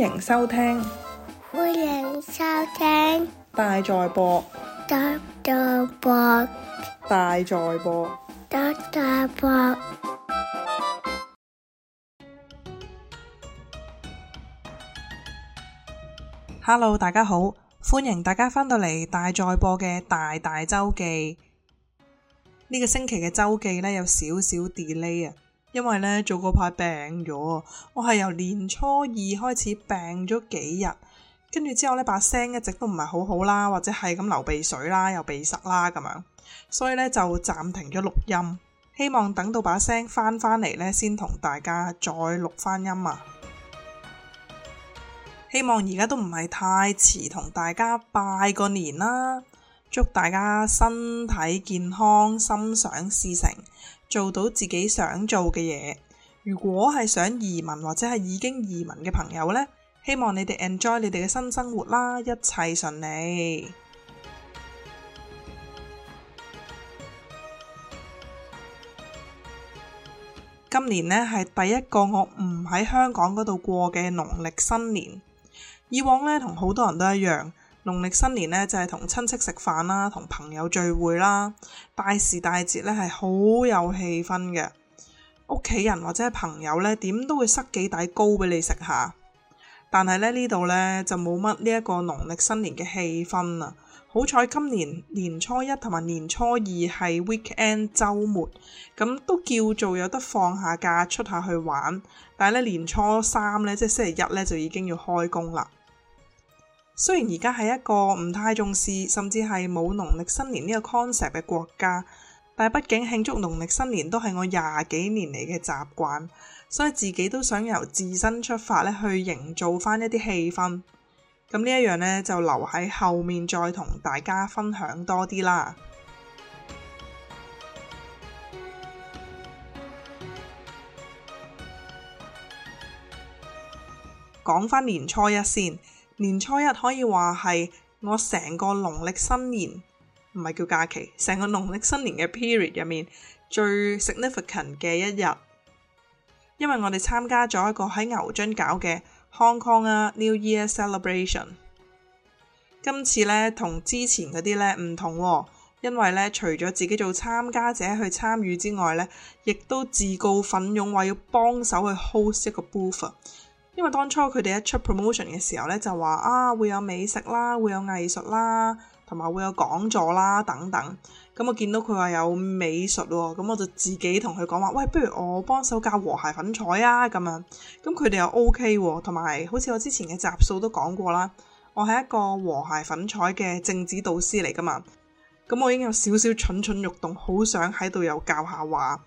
歡迎收聽，歡迎收聽大在播，大在播，Hello，大家好，歡迎大家返到嚟大在播嘅大大周記。呢個星期嘅周記呢，有少少 delay 啊。因為咧做嗰排病咗，我係由年初二開始病咗幾日，跟住之後呢，把聲一直都唔係好好啦，或者係咁流鼻水啦，又鼻塞啦咁樣，所以咧就暫停咗錄音，希望等到把聲翻返嚟咧，先同大家再錄翻音啊！希望而家都唔係太遲，同大家拜個年啦，祝大家身體健康，心想事成。做到自己想做嘅嘢。如果係想移民或者係已經移民嘅朋友呢，希望你哋 enjoy 你哋嘅新生活啦，一切順利。 今年呢係第一個我唔喺香港嗰度過嘅農曆新年。以往呢，同好多人都一樣。農曆新年咧就係同親戚食飯啦，同朋友聚會啦，大時大節咧係好有氣氛嘅。屋企人或者朋友咧，點都會塞幾底糕俾你食下。但係咧呢度，咧就冇乜呢一個農曆新年嘅氣氛啦。好彩今年年初一同埋年初二係 weekend 周末，咁都叫做有得放下假出下去玩。但係咧年初三咧即係星期一咧就已經要開工啦。雖然而家係一個唔太重視，甚至係冇農曆新年呢個 concept 嘅國家，但係畢竟慶祝農曆新年都係我廿幾年嚟嘅習慣，所以自己都想由自身出發咧去營造翻一啲氣氛。咁呢一樣呢就留喺後面再同大家分享多啲啦。講返年初一先。年初一可以話係我成個農曆新年，唔係叫假期，成個農曆新年嘅 period 入面最 significant 嘅一日，因為我哋參加咗一個喺牛津搞嘅 Hong Kong 啊 New Year Celebration。今次呢，同之前嗰啲呢唔同，哦，因為呢，除咗自己做參加者去參與之外呢，亦都自告奮勇話要幫手去 host 一個 booth。因為當初佢哋一出 promotion 嘅時候咧，就話啊會有美食啦，會有藝術啦，同埋會有講座啦等等。咁、嗯、我見到佢話有美術，咁、嗯、我就自己同佢講話，喂，不如我幫手教和諧粉彩啊！咁樣，咁佢哋又 OK，同埋好似我之前嘅集數都講過啦，我係一個和諧粉彩嘅正指導師嚟噶嘛。咁、嗯、我已經有少少蠢蠢欲動，好想喺度有教下畫，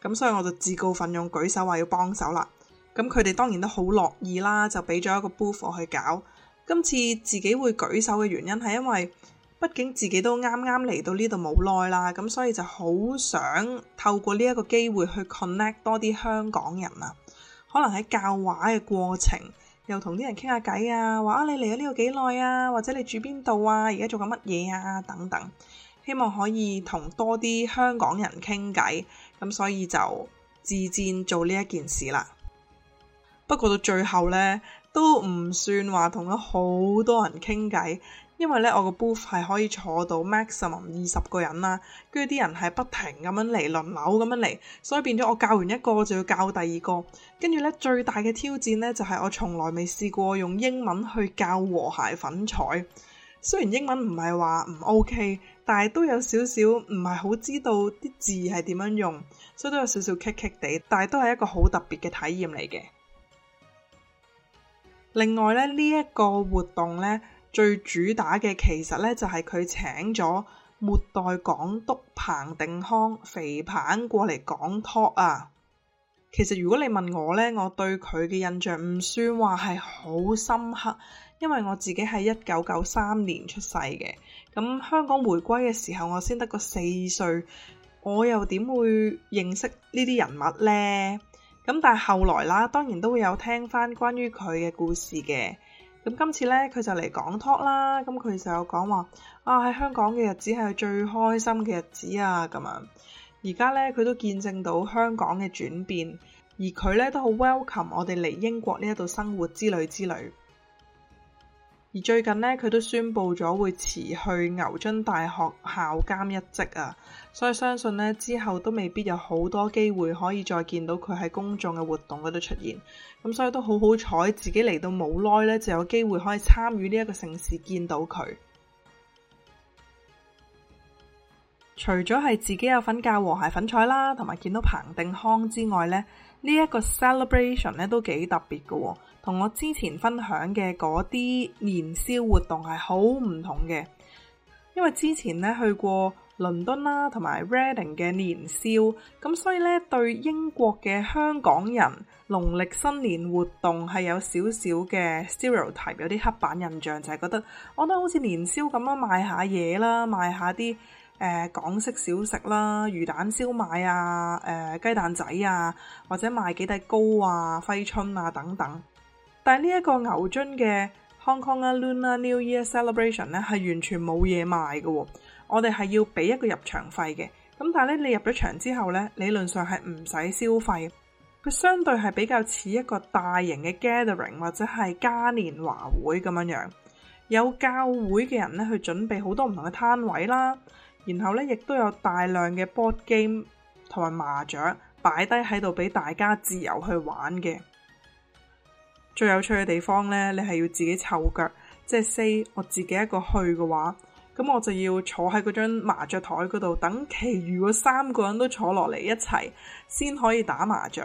咁、嗯、所以我就自告奮勇舉手話要幫手啦。咁佢哋當然都好樂意啦，就俾咗一個 booth 去搞。今次自己會舉手嘅原因係因為，畢竟自己都啱啱嚟到呢度冇耐啦，咁所以就好想透過呢一個機會去 connect 多啲香港人啊。可能喺教畫嘅過程，又同啲人傾下偈啊，話啊你嚟咗呢度幾耐啊，或者你住邊度啊，而家做緊乜嘢啊等等，希望可以同多啲香港人傾偈咁，所以就自薦做呢一件事啦。不過到最後呢，都唔算話同咗好多人傾偈，因為呢，我個 booth 係可以坐到 maximum 二十個人啦。跟住啲人係不停咁樣嚟輪流咁樣嚟，所以變咗我教完一個就要教第二個。跟住呢，最大嘅挑戰呢，就係、是、我從來未試過用英文去教和諧粉彩。雖然英文唔係話唔 ok，但係都有少少唔係好知道啲字係點樣用，所以都有少少棘棘地，但係都係一個好特別嘅體驗嚟嘅。另外咧，呢一個活動咧，最主打嘅其實咧就係佢請咗末代港督彭定康、肥彭過嚟講 talk 啊。其實如果你問我咧，我對佢嘅印象唔算話係好深刻，因為我自己係一九九三年出世嘅，咁香港回歸嘅時候我先得個四歲，我又點會認識呢啲人物咧？咁但係後來啦，當然都會有聽翻關於佢嘅故事嘅。咁今次咧，佢就嚟講 talk 啦。咁佢就有講話啊喺香港嘅日子係佢最開心嘅日子啊，咁樣。而家咧，佢都見證到香港嘅轉變，而佢咧都好 welcome 我哋嚟英國呢一度生活之旅之旅。而最近咧，佢都宣布咗會辭去牛津大學校監一職啊。所以相信咧，之後都未必有好多機會可以再見到佢喺公眾嘅活動嗰度出現。咁所以都好好彩，自己嚟到冇耐咧就有機會可以參與呢一個盛事。見到佢。除咗係自己有份教和諧粉彩啦，同埋見到彭定康之外咧，呢一個 celebration 咧都幾特別嘅、哦，同我之前分享嘅嗰啲年宵活動係好唔同嘅。因為之前咧去過，倫敦啦，同埋 Reading 嘅年宵，咁所以咧對英國嘅香港人，農曆新年活動係有少少嘅 s e r i a l t y p e 有啲黑板印象，就係、是、覺得我覺得好似年宵咁樣賣下嘢啦，賣下啲誒、呃、港式小食啦，魚蛋燒賣啊，誒、呃、雞蛋仔啊，或者賣幾粒糕啊、揮春啊等等。但係呢一個牛津嘅 Hong Kong Lunar New Year Celebration 咧，係完全冇嘢賣嘅喎。我哋係要俾一個入場費嘅，咁但係咧，你入咗場之後咧，理論上係唔使消費，佢相對係比較似一個大型嘅 gathering 或者係嘉年華會咁樣樣，有教會嘅人咧去準備好多唔同嘅攤位啦，然後咧亦都有大量嘅 board game 同埋麻雀擺低喺度俾大家自由去玩嘅。最有趣嘅地方咧，你係要自己湊腳，即係 say 我自己一個去嘅話。咁我就要坐喺嗰張麻雀台嗰度，等其餘嗰三個人都坐落嚟一齊，先可以打麻雀。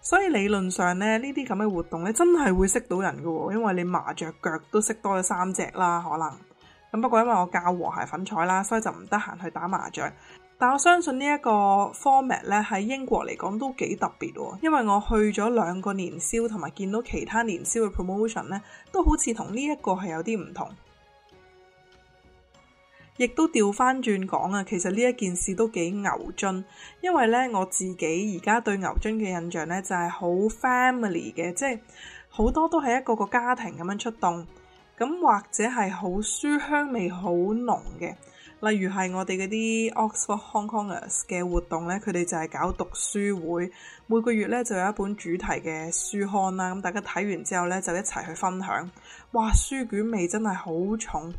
所以理論上咧，呢啲咁嘅活動咧，真係會識到人噶，因為你麻雀腳都識多咗三隻啦，可能。咁不過因為我教和諧粉彩啦，所以就唔得閒去打麻雀。但我相信呢一個 format 咧喺英國嚟講都幾特別，因為我去咗兩個年宵，同埋見到其他年宵嘅 promotion 咧，都好似同呢一個係有啲唔同。亦都調翻轉講啊，其實呢一件事都幾牛津，因為咧我自己而家對牛津嘅印象咧就係好 family 嘅，即係好多都係一個個家庭咁樣出動，咁或者係好書香味好濃嘅，例如係我哋嗰啲 Oxford Hong Kongers 嘅活動咧，佢哋就係搞讀書會，每個月咧就有一本主題嘅書刊啦，咁大家睇完之後咧就一齊去分享，哇，書卷味真係好重。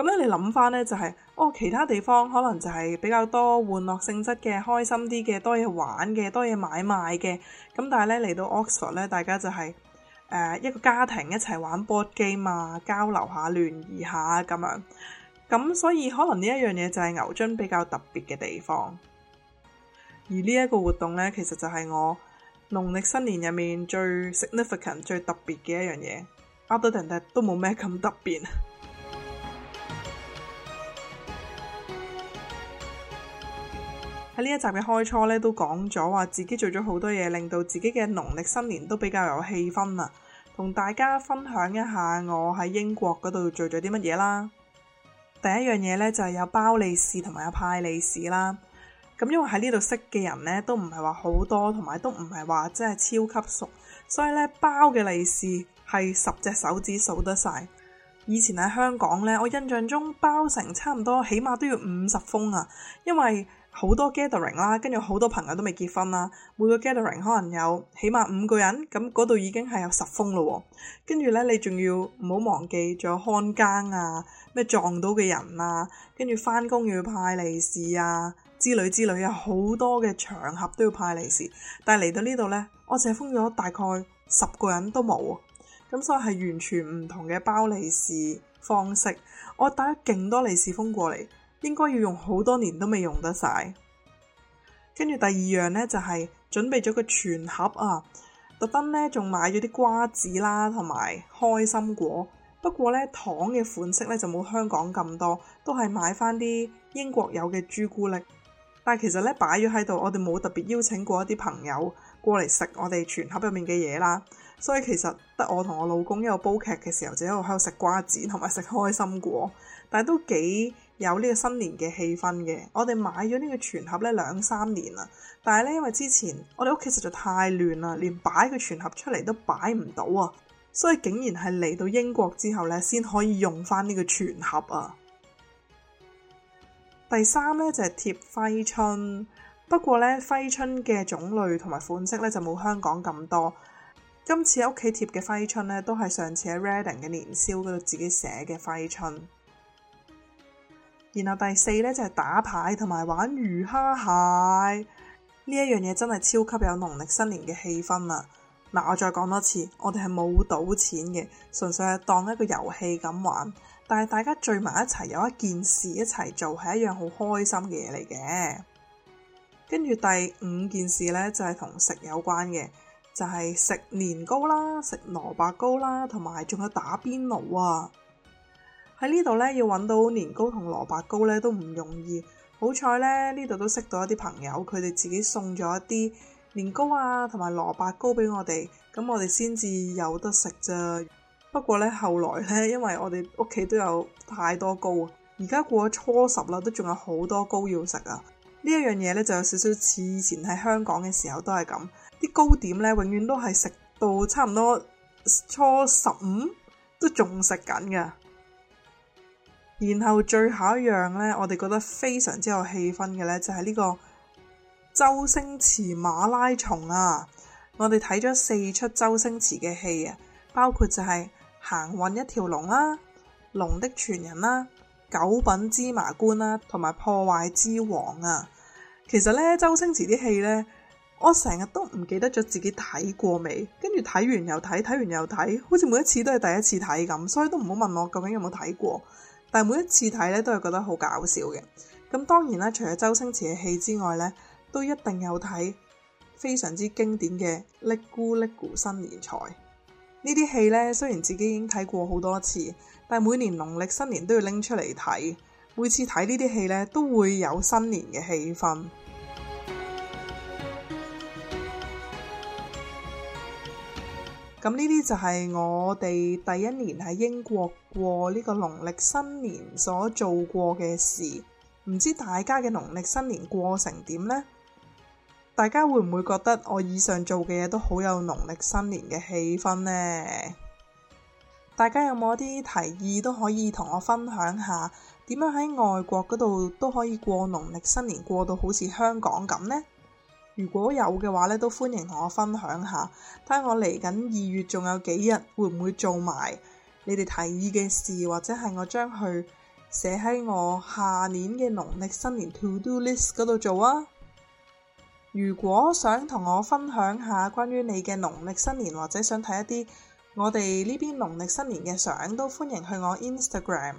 咁咧、嗯，你諗翻咧就係、是，哦，其他地方可能就係比較多玩樂性質嘅，開心啲嘅，多嘢玩嘅，多嘢買賣嘅。咁但係咧嚟到 Oxford 咧，大家就係、是、誒、呃、一個家庭一齊玩 board game、啊、交流下，聯誼下咁樣。咁、嗯、所以可能呢一樣嘢就係牛津比較特別嘅地方。而呢一個活動咧，其實就係我農曆新年入面最 significant、最特別嘅一樣嘢。other day 都冇咩咁特別。喺呢一集嘅開初咧，都講咗話自己做咗好多嘢，令到自己嘅農曆新年都比較有氣氛啊！同大家分享一下我喺英國嗰度做咗啲乜嘢啦。第一樣嘢呢，就係有包利是同埋有派利是啦。咁因為喺呢度識嘅人呢，都唔係話好多，同埋都唔係話真係超級熟，所以呢，包嘅利是係十隻手指數得晒。以前喺香港呢，我印象中包成差唔多起碼都要五十封啊，因為。好多 gathering 啦，跟住好多朋友都未結婚啦，每個 gathering 可能有起碼五個人，咁嗰度已經係有十封咯。跟住咧，你仲要唔好忘記，仲有看更啊，咩撞到嘅人啊，跟住翻工要派利是啊之類之類啊，好多嘅場合都要派利是。但係嚟到呢度呢，我淨係封咗大概十個人都冇，咁所以係完全唔同嘅包利是方式。我帶咗勁多利是封過嚟。應該要用好多年都未用得晒。跟住第二樣呢，就係準備咗個全盒啊，特登呢，仲買咗啲瓜子啦，同埋開心果。不過呢，糖嘅款式呢，就冇香港咁多，都係買翻啲英國有嘅朱古力。但係其實呢，擺咗喺度，我哋冇特別邀請過一啲朋友過嚟食我哋全盒入面嘅嘢啦。所以其實得我同我老公一路煲劇嘅時候，就只係喺度食瓜子同埋食開心果，但係都幾～有呢個新年嘅氣氛嘅，我哋買咗呢個全盒咧兩三年啦，但係咧因為之前我哋屋企實在太亂啦，連擺個全盒出嚟都擺唔到啊，所以竟然係嚟到英國之後咧先可以用翻呢個全盒啊。第三咧就係貼揮春，不過咧揮春嘅種類同埋款式咧就冇香港咁多。今次喺屋企貼嘅揮春咧都係上次喺 Reading 嘅年宵嗰度自己寫嘅揮春。然後第四呢，就係打牌同埋玩魚蝦蟹。呢一樣嘢真係超級有農曆新年嘅氣氛啊。嗱，我再講多次，我哋係冇賭錢嘅，純粹係當一個遊戲咁玩。但係大家聚埋一齊有一件事一齊做係一樣好開心嘅嘢嚟嘅。跟住第五件事呢，就係同食有關嘅，就係食年糕啦、食蘿蔔糕啦，同埋仲有打邊爐啊。喺呢度咧，要揾到年糕同蘿蔔糕咧都唔容易。好彩咧，呢度都識到一啲朋友，佢哋自己送咗一啲年糕啊，同埋蘿蔔糕俾我哋，咁我哋先至有得食啫。不過咧，後來咧，因為我哋屋企都有太多糕啊，而家過咗初十啦，都仲有好多糕要食啊。呢一樣嘢咧，就有少少似以前喺香港嘅時候都係咁，啲糕點咧，永遠都係食到差唔多初十五都仲食緊嘅。然後最後一樣呢，我哋覺得非常之有氣氛嘅呢，就係呢個周星馳馬拉松啊！我哋睇咗四出周星馳嘅戲啊，包括就係行運一條龍啦、龍的傳人啦、九品芝麻官啦，同埋破壞之王啊！其實呢，周星馳啲戲呢，我成日都唔記得咗自己睇過未，跟住睇完又睇，睇完又睇，好似每一次都係第一次睇咁，所以都唔好問我究竟有冇睇過。但係每一次睇咧，都係覺得好搞笑嘅。咁當然啦，除咗周星馳嘅戲之外咧，都一定有睇非常之經典嘅《嚦咕嚦咕新年財》呢啲戲咧。雖然自己已經睇過好多次，但係每年農曆新年都要拎出嚟睇。每次睇呢啲戲咧，都會有新年嘅氣氛。咁呢啲就係我哋第一年喺英國過呢個農曆新年所做過嘅事，唔知大家嘅農曆新年過成點呢？大家會唔會覺得我以上做嘅嘢都好有農曆新年嘅氣氛呢？大家有冇啲提議都可以同我分享下，點樣喺外國嗰度都可以過農曆新年，過到好似香港咁呢？如果有嘅話咧，都歡迎同我分享下。睇我嚟緊二月仲有幾日，會唔會做埋你哋提議嘅事，或者係我將佢寫喺我下年嘅農曆新年 to do list 嗰度做啊？如果想同我分享下關於你嘅農曆新年，或者想睇一啲我哋呢邊農曆新年嘅相，都歡迎去我 Instagram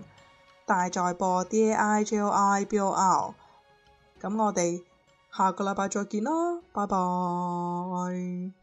大在播 D A I J O I B O R。咁我哋。下個禮拜再見啦，拜拜。